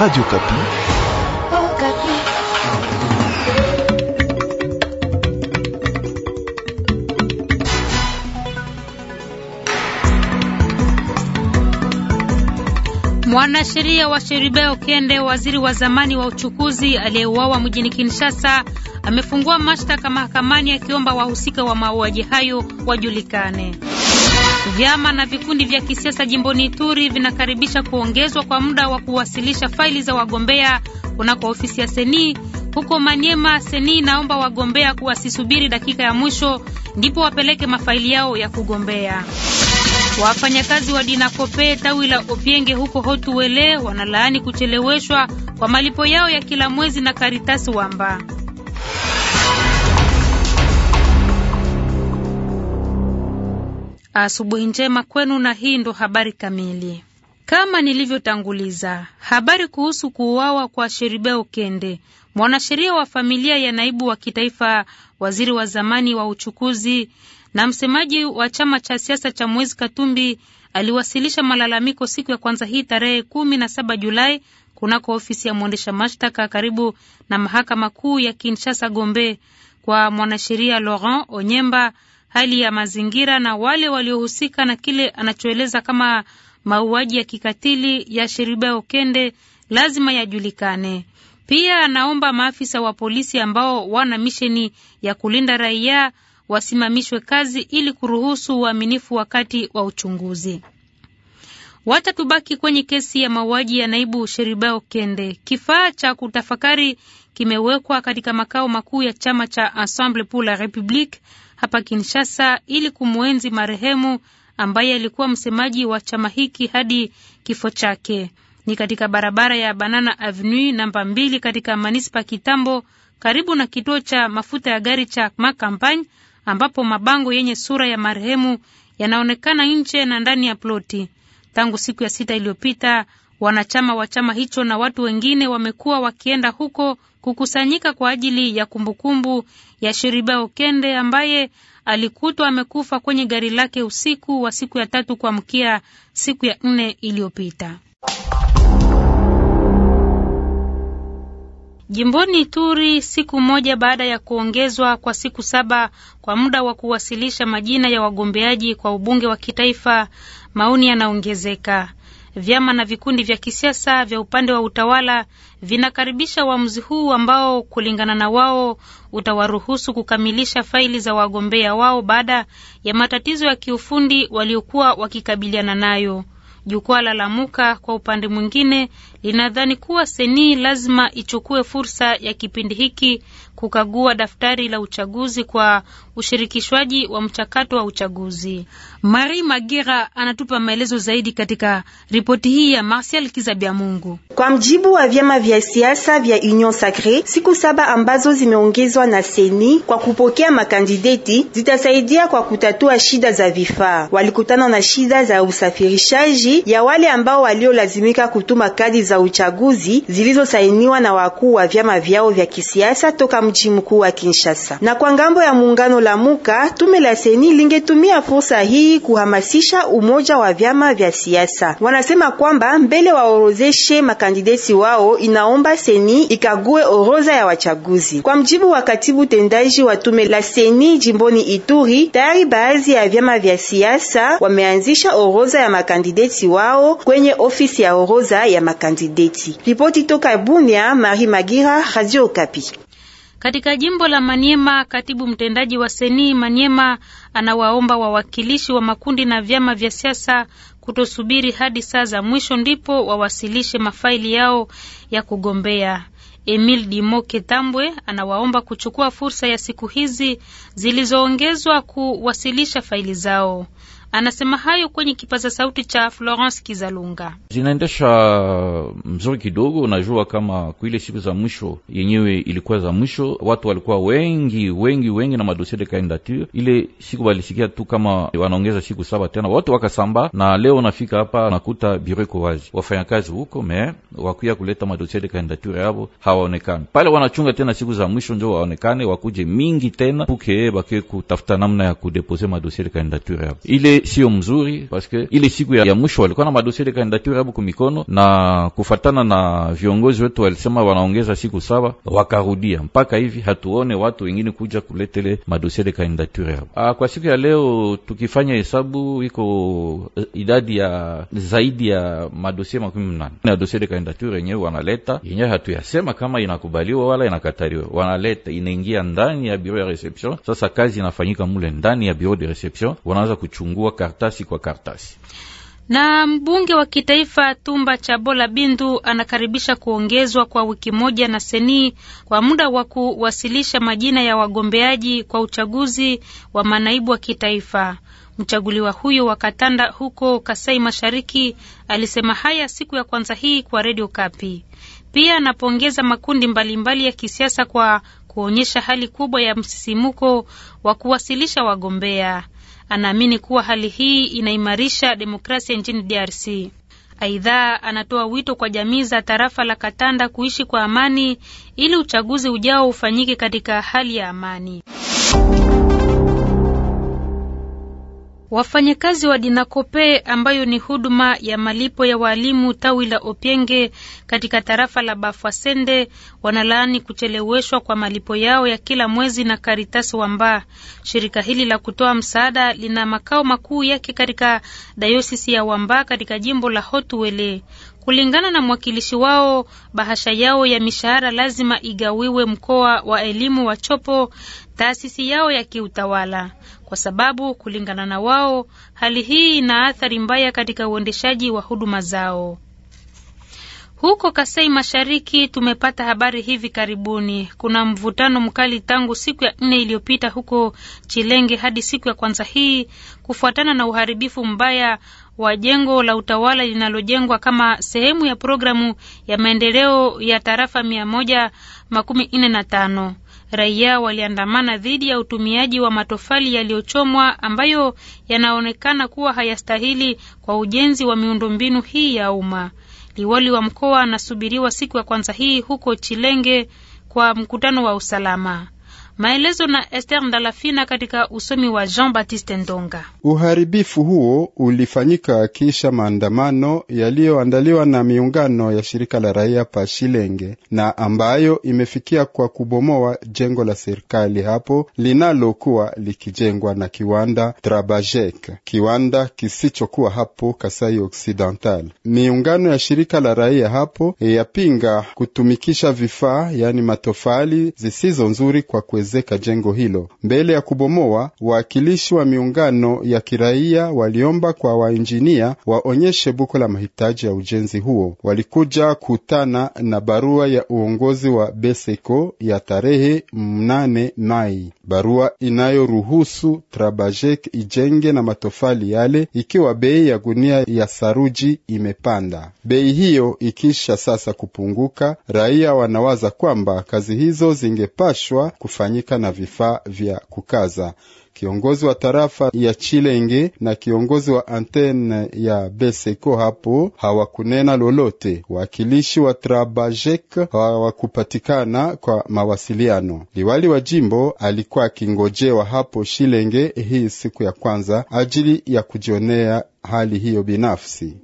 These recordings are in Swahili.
Radio Okapi. Oh, Mwanasheria wa Sheribeo Kende, waziri wa zamani wa uchukuzi aliyeuawa mjini Kinshasa, amefungua mashtaka mahakamani akiomba wahusika wa mauaji hayo wajulikane. Vyama na vikundi vya kisiasa jimboni Ituri vinakaribisha kuongezwa kwa muda wa kuwasilisha faili za wagombea kunako ofisi ya Seni huko Manyema. Seni inaomba wagombea kuwasisubiri dakika ya mwisho ndipo wapeleke mafaili yao ya kugombea. Wafanyakazi wa Dinakope tawi la Opienge huko Hotuwele wanalaani kucheleweshwa kwa malipo yao ya kila mwezi na Karitasi Wamba. Asubuhi njema kwenu, na hii ndo habari kamili. Kama nilivyotanguliza, habari kuhusu kuuawa kwa Sheribeo Kende, mwanasheria wa familia ya naibu wa kitaifa, waziri wa zamani wa uchukuzi na msemaji wa chama cha siasa cha Mwezi Katumbi, aliwasilisha malalamiko siku ya kwanza hii tarehe kumi na saba Julai kunako ofisi ya mwendesha mashtaka karibu na mahakama kuu ya Kinshasa Gombe kwa mwanasheria Laurent Onyemba hali ya mazingira na wale waliohusika na kile anachoeleza kama mauaji ya kikatili ya Sheribao Kende lazima yajulikane. Pia anaomba maafisa wa polisi ambao wana misheni ya kulinda raia wasimamishwe kazi ili kuruhusu uaminifu wa wakati wa uchunguzi. Watatubaki kwenye kesi ya mauaji ya naibu Sheribao Kende. Kifaa cha kutafakari kimewekwa katika makao makuu ya chama cha Ensemble pour la République hapa Kinshasa ili kumwenzi marehemu ambaye alikuwa msemaji wa chama hiki hadi kifo chake. Ni katika barabara ya Banana Avenue namba mbili katika manispa Kitambo, karibu na kituo cha mafuta ya gari cha Makampagne, ambapo mabango yenye sura ya marehemu yanaonekana nje na ndani ya ploti. Tangu siku ya sita iliyopita, wanachama wa chama hicho na watu wengine wamekuwa wakienda huko kukusanyika kwa ajili ya kumbukumbu ya Sheribao Kende ambaye alikutwa amekufa kwenye gari lake usiku wa siku ya tatu kuamkia siku ya nne iliyopita. Jimboni turi siku moja baada ya kuongezwa kwa siku saba kwa muda wa kuwasilisha majina ya wagombeaji kwa ubunge wa kitaifa, maoni yanaongezeka vyama na vikundi vya kisiasa vya upande wa utawala vinakaribisha uamuzi huu ambao kulingana na wao utawaruhusu kukamilisha faili za wagombea wao baada ya matatizo ya kiufundi waliokuwa wakikabiliana nayo. Jukwaa la Lamuka kwa upande mwingine linadhani kuwa Seni lazima ichukue fursa ya kipindi hiki kukagua daftari la uchaguzi kwa ushirikishwaji wa mchakato wa uchaguzi. Mari Magira anatupa maelezo zaidi katika ripoti hii ya Kizabia Mungu. Kwa mjibu wa vyama vya siasa vya Union Sacre, siku saba ambazo zimeongezwa na Seni kwa kupokea makandideti zitasaidia kwa kutatua shida za vifaa. Walikutana na shida za usafirishaji ya wale ambao waliolazimika kutuma kadi za za uchaguzi zilizosainiwa na wakuu wa vyama vyao vya kisiasa toka mji mkuu wa Kinshasa. Na kwa ngambo ya muungano la muka tume la seni lingetumia fursa hii kuhamasisha umoja wa vyama vya siasa. Wanasema kwamba mbele waorozeshe makandideti wao, inaomba seni ikague oroza ya wachaguzi. Kwa mjibu wa katibu tendaji wa tume la seni jimboni Ituri, tayari baadhi ya vyama vya siasa wameanzisha oroza ya makandideti wao kwenye ofisi ya oroza ya makandideti. Azideti. Ripoti toka Bunia, Marie Magira, Radio Okapi. Katika jimbo la Maniema, katibu mtendaji wa Seni Maniema anawaomba wawakilishi wa makundi na vyama vya siasa kutosubiri hadi saa za mwisho ndipo wawasilishe mafaili yao ya kugombea. Emil Dimoke Tambwe anawaomba kuchukua fursa ya siku hizi zilizoongezwa kuwasilisha faili zao. Anasema hayo kwenye kipaza sauti cha Florence Kizalunga. Zinaendesha uh, mzuri kidogo. Unajua, kama kuile siku za mwisho yenyewe ilikuwa za mwisho, watu walikuwa wengi wengi wengi na madosie de candidature. Ile siku walisikia tu kama wanaongeza siku saba tena, watu wakasamba. Na leo unafika hapa unakuta biro iko wazi, wafanyakazi huko me wakuya kuleta madosie de candidature yabo hawaonekani pale. Wanachunga tena siku za mwisho njo waonekane, wakuje mingi tena puke bakie kutafuta namna ya kudepose madosie de candidature yabo ile sio mzuri, paske ile siku ya, ya mwisho walikuwa na madosier de kandidature yabo kumikono, na kufatana na viongozi wetu walisema wanaongeza siku saba, wakarudia mpaka hivi hatuone watu wengine kuja kuletele madosier de kandidature yabo Ah, kwa siku ya leo tukifanya hesabu iko eh, idadi ya zaidi ya madosie makumi mnane na dosie de kandidature yenyewe wanaleta yenyewe, hatuyasema kama inakubaliwa wala inakatariwa, wanaleta inaingia ndani ya bureau ya reception. Sasa kazi inafanyika mule ndani ya bureau de reception, wanaanza kuchungua karatasi kwa karatasi. Na mbunge wa kitaifa Tumba cha Bola Bindu anakaribisha kuongezwa kwa wiki moja na Seni kwa muda wa kuwasilisha majina ya wagombeaji kwa uchaguzi wa manaibu wa kitaifa. Mchaguliwa huyo wa Katanda huko Kasai Mashariki alisema haya siku ya kwanza hii kwa redio Kapi. Pia anapongeza makundi mbalimbali mbali ya kisiasa kwa kuonyesha hali kubwa ya msisimuko wa kuwasilisha wagombea. Anaamini kuwa hali hii inaimarisha demokrasia nchini DRC. Aidha, anatoa wito kwa jamii za tarafa la Katanda kuishi kwa amani ili uchaguzi ujao ufanyike katika hali ya amani. Wafanyakazi wa Dinakope ambayo ni huduma ya malipo ya waalimu tawi la Opienge katika tarafa la Bafwasende wanalaani kucheleweshwa kwa malipo yao ya kila mwezi na karitas Wamba. Shirika hili la kutoa msaada lina makao makuu yake katika dayosisi ya Wamba katika jimbo la Hotuwele. Kulingana na mwakilishi wao, bahasha yao ya mishahara lazima igawiwe mkoa wa elimu wa Chopo, taasisi yao ya kiutawala, kwa sababu kulingana na wao, hali hii ina athari mbaya katika uendeshaji wa huduma zao. Huko Kasai Mashariki tumepata habari hivi karibuni. Kuna mvutano mkali tangu siku ya nne iliyopita huko Chilenge hadi siku ya kwanza hii kufuatana na uharibifu mbaya wa jengo la utawala linalojengwa kama sehemu ya programu ya maendeleo ya tarafa mia moja makumi nne na tano. Raia waliandamana dhidi ya utumiaji wa matofali yaliyochomwa ambayo yanaonekana kuwa hayastahili kwa ujenzi wa miundombinu hii ya umma. Liwali wa mkoa anasubiriwa siku ya kwanza hii huko Chilenge kwa mkutano wa usalama. Maelezo na Esther Ndalafina katika usomi wa Jean Baptiste Ndonga. Uharibifu huo ulifanyika kisha maandamano yaliyoandaliwa na miungano ya shirika la raia pa Shilenge na ambayo imefikia kwa kubomoa jengo la serikali hapo linalokuwa likijengwa na kiwanda Trabajek, kiwanda kisichokuwa hapo Kasai Occidental. Miungano ya shirika la raia hapo yapinga kutumikisha vifaa, yaani matofali zisizo nzuri kwa kwe kuongezeka jengo hilo. Mbele ya kubomoa, waakilishi wa miungano ya kiraia waliomba kwa wainjinia waonyeshe buko la mahitaji ya ujenzi huo. Walikuja kutana na barua ya uongozi wa Beseko ya tarehe mnane Mai, barua inayoruhusu Trabajek ijenge na matofali yale, ikiwa bei ya gunia ya saruji imepanda. Bei hiyo ikisha sasa kupunguka, raia wanawaza kwamba kazi hizo zingepashwa kufanya kufanyika na vifaa vya kukaza. Kiongozi wa tarafa ya Chilenge na kiongozi wa antene ya Beseko hapo hawakunena lolote. wakilishi wa Trabajek hawakupatikana kwa mawasiliano. Liwali wa jimbo alikuwa akingojewa hapo shilenge hii siku ya kwanza ajili ya kujionea hali hiyo binafsi.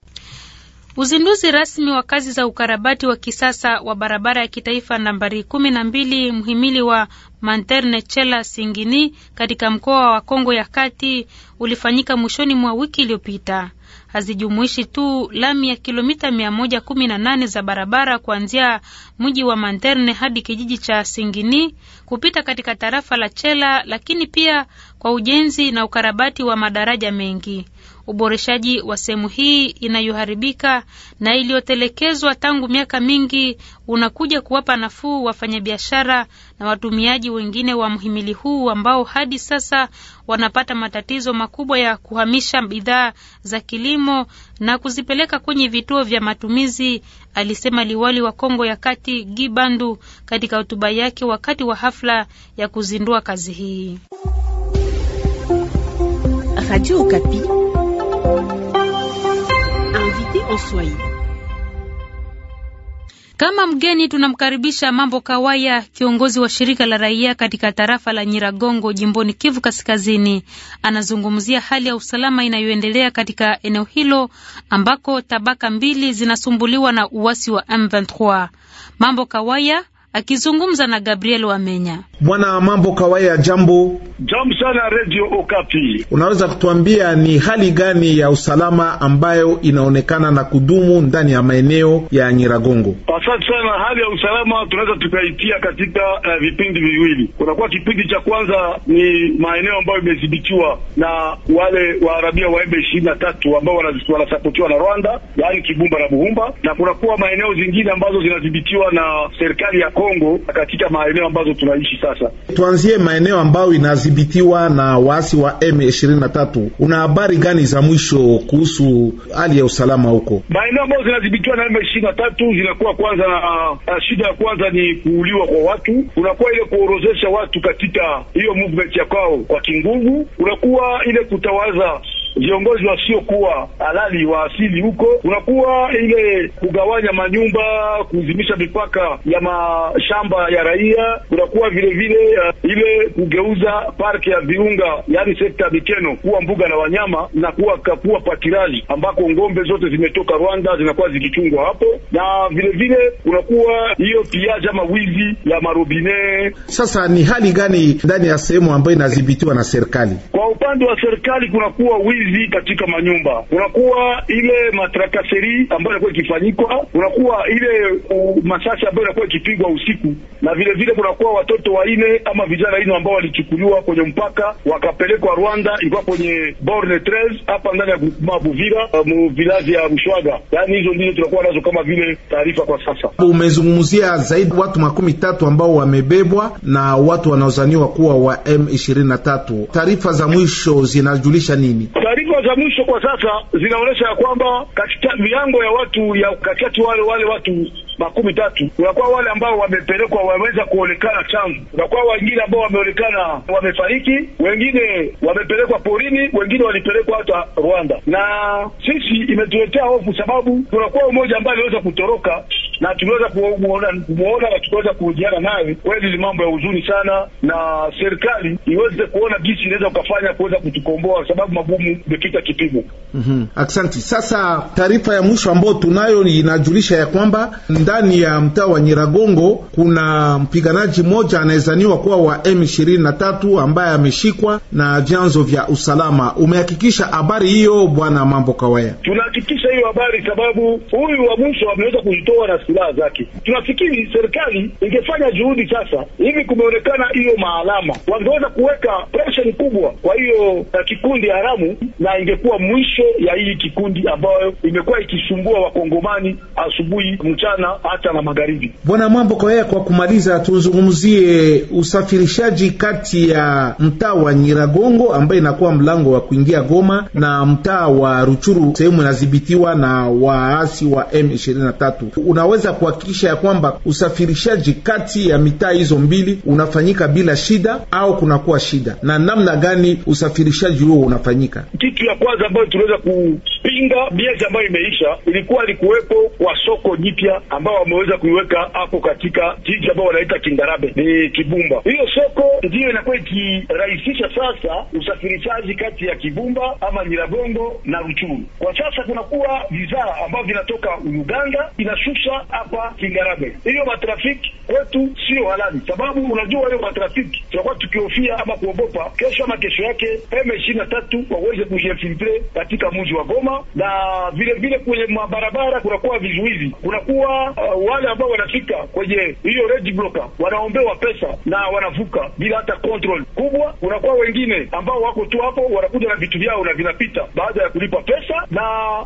Uzinduzi rasmi wa kazi za ukarabati wa kisasa wa barabara ya kitaifa nambari kumi na mbili mhimili wa Manterne Chela Singini katika mkoa wa Kongo ya Kati ulifanyika mwishoni mwa wiki iliyopita. Hazijumuishi tu lami ya kilomita 118 za barabara kuanzia mji wa Manterne hadi kijiji cha Singini kupita katika tarafa la Chela, lakini pia kwa ujenzi na ukarabati wa madaraja mengi uboreshaji wa sehemu hii inayoharibika na iliyotelekezwa tangu miaka mingi unakuja kuwapa nafuu wafanyabiashara na watumiaji wengine wa mhimili huu ambao hadi sasa wanapata matatizo makubwa ya kuhamisha bidhaa za kilimo na kuzipeleka kwenye vituo vya matumizi, alisema liwali wa Kongo ya Kati Gibandu katika hotuba yake wakati wa hafla ya kuzindua kazi hii. Radio kama mgeni tunamkaribisha Mambo Kawaya, kiongozi wa shirika la raia katika tarafa la Nyiragongo jimboni Kivu Kaskazini. Anazungumzia hali ya usalama inayoendelea katika eneo hilo ambako tabaka mbili zinasumbuliwa na uasi wa M23. Mambo Kawaya akizungumza na Gabriel Wamenya. Bwana Mambo Kawaya, jambo jambo sana Radio Okapi. Unaweza kutuambia ni hali gani ya usalama ambayo inaonekana na kudumu ndani ya maeneo ya Nyiragongo? Asante sana. Hali ya usalama tunaweza tukaitia katika uh, vipindi viwili. Kunakuwa kipindi cha kwanza ni maeneo ambayo imedhibitiwa na wale Waarabia wa M23 ambao wanasapotiwa na Rwanda, yaani Kibumba na Buhumba, na kunakuwa maeneo zingine ambazo zinadhibitiwa na serikali ya Kongo katika maeneo ambazo tunaishi sasa. Tuanzie maeneo ambayo inadhibitiwa na waasi wa M23. Una habari gani za mwisho kuhusu hali ya usalama huko? Maeneo ambayo zinadhibitiwa na M23 zinakuwa kwanza na uh, ah, shida ya kwanza ni kuuliwa kwa watu, kunakuwa ile kuorozesha watu katika hiyo movement ya kwao kwa kinguvu, kunakuwa ile kutawaza viongozi wasiokuwa halali wa asili huko, kunakuwa ile kugawanya manyumba, kuzimisha mipaka ya mashamba ya raia, kunakuwa vile vile uh, ile kugeuza parki ya viunga, yaani sekta ya Mikeno kuwa mbuga la wanyama na kuwa kapua patirali ambako ng'ombe zote zimetoka Rwanda zinakuwa zikichungwa hapo, na vile vile kunakuwa hiyo piaja ama wizi ya marobine. Sasa ni hali gani ndani ya sehemu ambayo inadhibitiwa na serikali? Kwa upande wa serikali kunakuwa wizi wizi katika manyumba, kunakuwa ile matrakaseri ambayo inakuwa ikifanyikwa, kunakuwa ile masasi ambayo inakuwa ikipigwa usiku, na vile vile kunakuwa watoto waine ama vijana ino ambao walichukuliwa kwenye mpaka wakapelekwa Rwanda, ilikuwa kwenye borne 13 hapa ndani ya groupement Buvira uh, mu vilazi ya Bushwaga. Yani hizo ndizo tunakuwa nazo kama vile taarifa kwa sasa. Umezungumzia zaidi watu makumi tatu ambao wamebebwa na watu wanaozaniwa kuwa wa M23. Taarifa za mwisho zinajulisha nini? Taarifa za mwisho kwa sasa zinaonyesha ya kwamba katika miango ya watu ya katikati wale wale watu makumi tatu unakuwa wale ambao wamepelekwa wameweza kuonekana changu, unakuwa wengine ambao wameonekana wamefariki, wengine wamepelekwa porini, wengine walipelekwa hata Rwanda, na sisi imetuletea hofu, sababu kunakuwa umoja ambaye aliweza kutoroka na tuliweza kumwona na tukaweza kuhojiana naye. Kweli ni mambo ya huzuni sana, na serikali iweze kuona jinsi inaweza ukafanya kuweza kutukomboa, kwa sababu magumu imepita kipimo. mm -hmm. Aksanti. Sasa taarifa ya mwisho ambayo tunayo inajulisha ya kwamba ndani ya mtaa wa Nyiragongo kuna mpiganaji mmoja anaezaniwa kuwa wa M23 ambaye ameshikwa na vyanzo vya usalama. Umehakikisha habari hiyo, Bwana Mambo Kawaya? Tunahakikisha hiyo habari, sababu huyu wa mwisho ameweza kujitoa na silaha zake. Tunafikiri serikali ingefanya juhudi sasa hivi, kumeonekana hiyo maalama, wangeweza kuweka presheni kubwa kwa hiyo eh, kikundi haramu, na ingekuwa mwisho ya hii kikundi ambayo imekuwa ikisumbua wakongomani asubuhi, mchana, hata na magharibi. Bwana Mambo Koea, kwa kumaliza, tuzungumzie usafirishaji kati ya mtaa wa Nyiragongo ambaye inakuwa mlango wa kuingia Goma na mtaa wa Ruchuru, sehemu inadhibitiwa na waasi wa M23. Unaweza kuweza kuhakikisha ya kwamba usafirishaji kati ya mitaa hizo mbili unafanyika bila shida au kunakuwa shida, na namna gani usafirishaji huo unafanyika. Kitu ya kwanza ambayo tunaweza kupinga, miezi ambayo imeisha, ilikuwa ni kuwepo kwa soko jipya ambao wameweza kuiweka hapo katika jiji ambao wanaita Kingarabe ni Kibumba. Hiyo soko ndiyo inakuwa ikirahisisha sasa usafirishaji kati ya Kibumba ama Nyiragongo na Ruchuru. Kwa sasa kunakuwa bidhaa ambavyo vinatoka Uganda inashusha hapa Kingarabe. Hiyo matrafiki kwetu sio halali, sababu unajua hiyo matrafiki tunakuwa tukihofia ama kuogopa kesho ama kesho yake m 23 na tatu waweze kujinfiltre katika mji wa Goma, na vile vile kwenye mabarabara kunakuwa vizuizi, kunakuwa uh, wale ambao wanafika kwenye hiyo red blocker wanaombewa pesa na wanavuka bila hata control kubwa. Kunakuwa wengine ambao wako tu hapo wanakuja na vitu vyao na vinapita baada ya kulipa pesa, na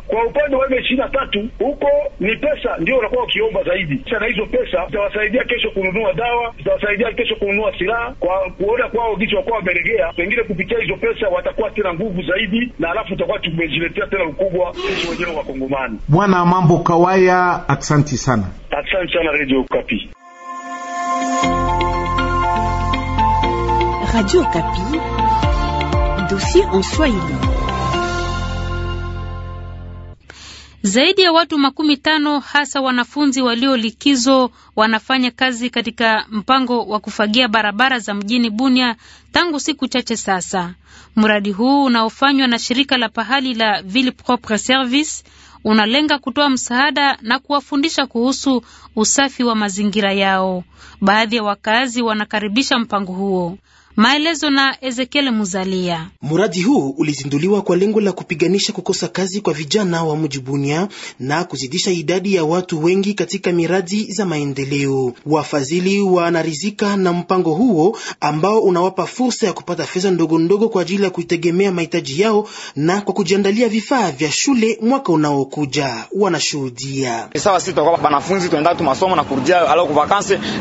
kwa upande wa m 23 na tatu huko ni pesa ndio wanakuwa wakiomba zaidi. Na hizo pesa zitawasaidia kesho kununua dawa, zitawasaidia kesho kununua silaha, kwa kuona kwao gicho wakuwa wameregea, pengine kupitia hizo pesa watakuwa tena nguvu zaidi, na alafu tutakuwa tumejiletea tena ukubwa sisi wenyewe Wakongomani. Bwana Mambo Kawaya, aksanti sana, asanti sana Radio Kapi. Radio Kapi, dossier en Swahili. Zaidi ya watu makumi tano hasa wanafunzi waliolikizo wanafanya kazi katika mpango wa kufagia barabara za mjini Bunia tangu siku chache sasa. Mradi huu unaofanywa na shirika la pahali la Ville Propre Service unalenga kutoa msaada na kuwafundisha kuhusu usafi wa mazingira yao. Baadhi ya wakazi wanakaribisha mpango huo. Maelezo na Ezekiel Muzalia. Mradi huu ulizinduliwa kwa lengo la kupiganisha kukosa kazi kwa vijana wa mji Bunia na kuzidisha idadi ya watu wengi katika miradi za maendeleo. Wafadhili wanaridhika na mpango huo ambao unawapa fursa ya kupata fedha ndogo ndogo kwa ajili ya kuitegemea mahitaji yao na kwa kujiandalia vifaa vya shule mwaka unaokuja. Wanashuhudia sawa, sisi tutakuwa wanafunzi tunaenda tu masomo na kurudia,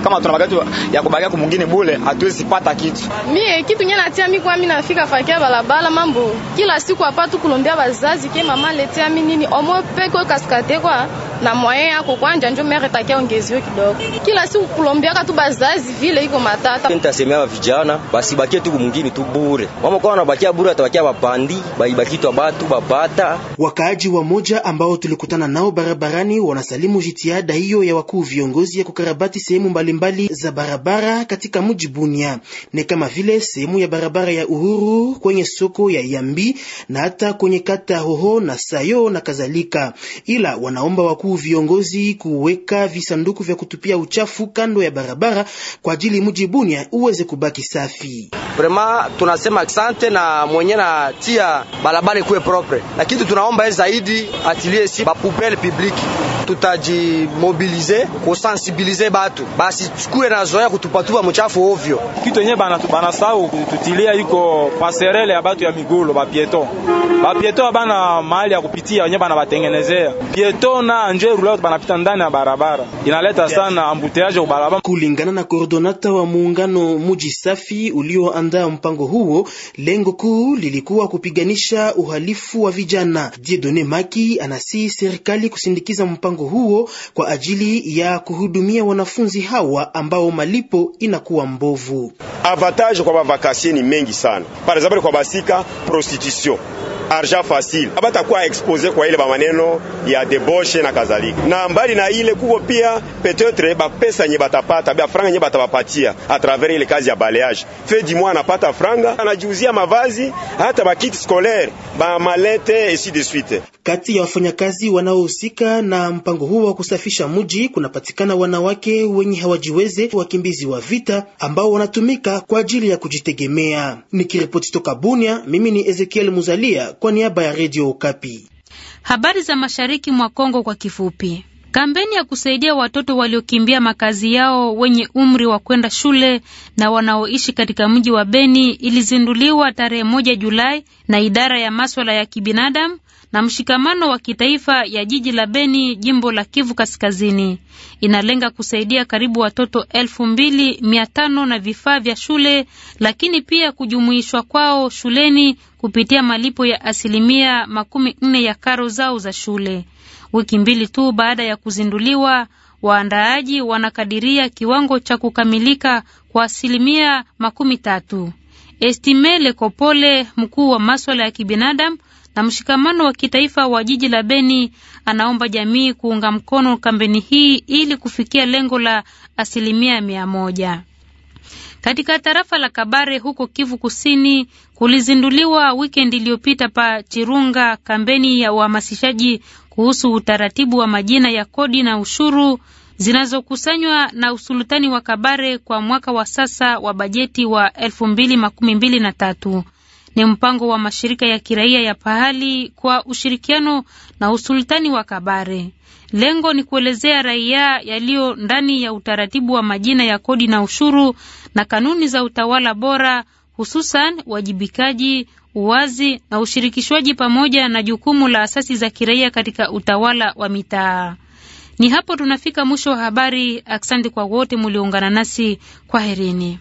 kama tuna bagati ya kubagia kumwingine bule, hatuwezi pata kitu Mie eh, kitu nye natia mi kwa mi nafika fakia balabala mambo kila siku hapa tu kulombia bazazi ke mama letia mi nini omo peko kaskate kwa na moyen ya kwanja njo mere takia ongeziwe kidogo. Kila siku kulombia katu bazazi vile iko matata. kenta semea wa vijana basi bakia tu kumungini tu bure. Mama kwa wana bakia bure atabakia bapandi baibaki tu abatu babata. Wakaaji wa moja ambao tulikutana nao barabarani wanasalimu jitihada hiyo ya wakuu viongozi ya kukarabati sehemu mbalimbali za barabara katika mji Bunia. Ne kama vile sehemu ya barabara ya Uhuru kwenye soko ya Yambi na hata kwenye kata Hoho na Sayo na kadhalika, ila wanaomba wakuu viongozi kuweka visanduku vya kutupia uchafu kando ya barabara kwa ajili mji Bunia uweze kubaki safi. Prema tunasema asante na mwenye na tia barabara kuwe propre, lakini tunaomba zaidi atilie si bapupele publiki tutajimobilize kusensibilize batu basikuwe na zoea kutupatupa mchafu ovyo. Kitu yenye banasahau kututilia iko paserele ya batu ya migulu bapieto bapieto bana mahali ya kupitia wenye banabatengenezea pieto na nje rulao banapita ndani ya barabara inaleta sana ambuteaje kubarabara. Kulingana na koordonata wa muungano muji safi ulioandaa mpango huo, lengo kuu lilikuwa kupiganisha uhalifu wa vijana. Dieudonne Maki anasi serikali kusindikiza mpango mpango huo kwa ajili ya kuhudumia wanafunzi hawa ambao malipo inakuwa mbovu. Avantage kwa bavakasie ni mengi sana, par exemple kwa basika prostitution argent facile, abatakuwa expose kwa ile bamaneno ya deboshe na kadhalika. Na mbali na ile kuko pia peut-etre ba pesa nye batapata ba franga nye batabapatia a travers ile kazi ya balayage fe di mwa anapata franga anajiuzia mavazi hata ba kit scolaire ba malete et si de suite. Kati ya wafanyakazi wanaohusika na mpango huo wa kusafisha mji kunapatikana wanawake wenye hawajiweze, wakimbizi wa vita ambao wanatumika kwa ajili ya kujitegemea. Nikiripoti toka Bunia, mimi ni Ezekiel Muzalia kwa niaba ya Radio Okapi. Habari za mashariki mwa Kongo kwa kifupi. Kampeni ya kusaidia watoto waliokimbia makazi yao wenye umri wa kwenda shule na wanaoishi katika mji wa Beni ilizinduliwa tarehe moja Julai na idara ya maswala ya kibinadamu na mshikamano wa kitaifa ya jiji la Beni, jimbo la Kivu Kaskazini. Inalenga kusaidia karibu watoto elfu mbili mia tano na vifaa vya shule, lakini pia kujumuishwa kwao shuleni kupitia malipo ya asilimia makumi nne ya karo zao za shule. Wiki mbili tu baada ya kuzinduliwa, waandaaji wanakadiria kiwango cha kukamilika kwa asilimia makumi tatu. Estime Lekopole, mkuu wa maswala ya kibinadamu na mshikamano wa kitaifa wa jiji la Beni, anaomba jamii kuunga mkono kampeni hii ili kufikia lengo la asilimia mia moja. Katika tarafa la Kabare huko Kivu Kusini kulizinduliwa wikendi iliyopita pa Chirunga kampeni ya uhamasishaji kuhusu utaratibu wa majina ya kodi na ushuru zinazokusanywa na usultani wa Kabare kwa mwaka wa sasa wa bajeti wa 2023. Ni mpango wa mashirika ya kiraia ya pahali kwa ushirikiano na usultani wa Kabare. Lengo ni kuelezea raia yaliyo ndani ya utaratibu wa majina ya kodi na ushuru na kanuni za utawala bora, hususan wajibikaji, uwazi na ushirikishwaji pamoja na jukumu la asasi za kiraia katika utawala wa mitaa. Ni hapo tunafika mwisho wa habari. Asante kwa wote mulioungana nasi, kwaherini.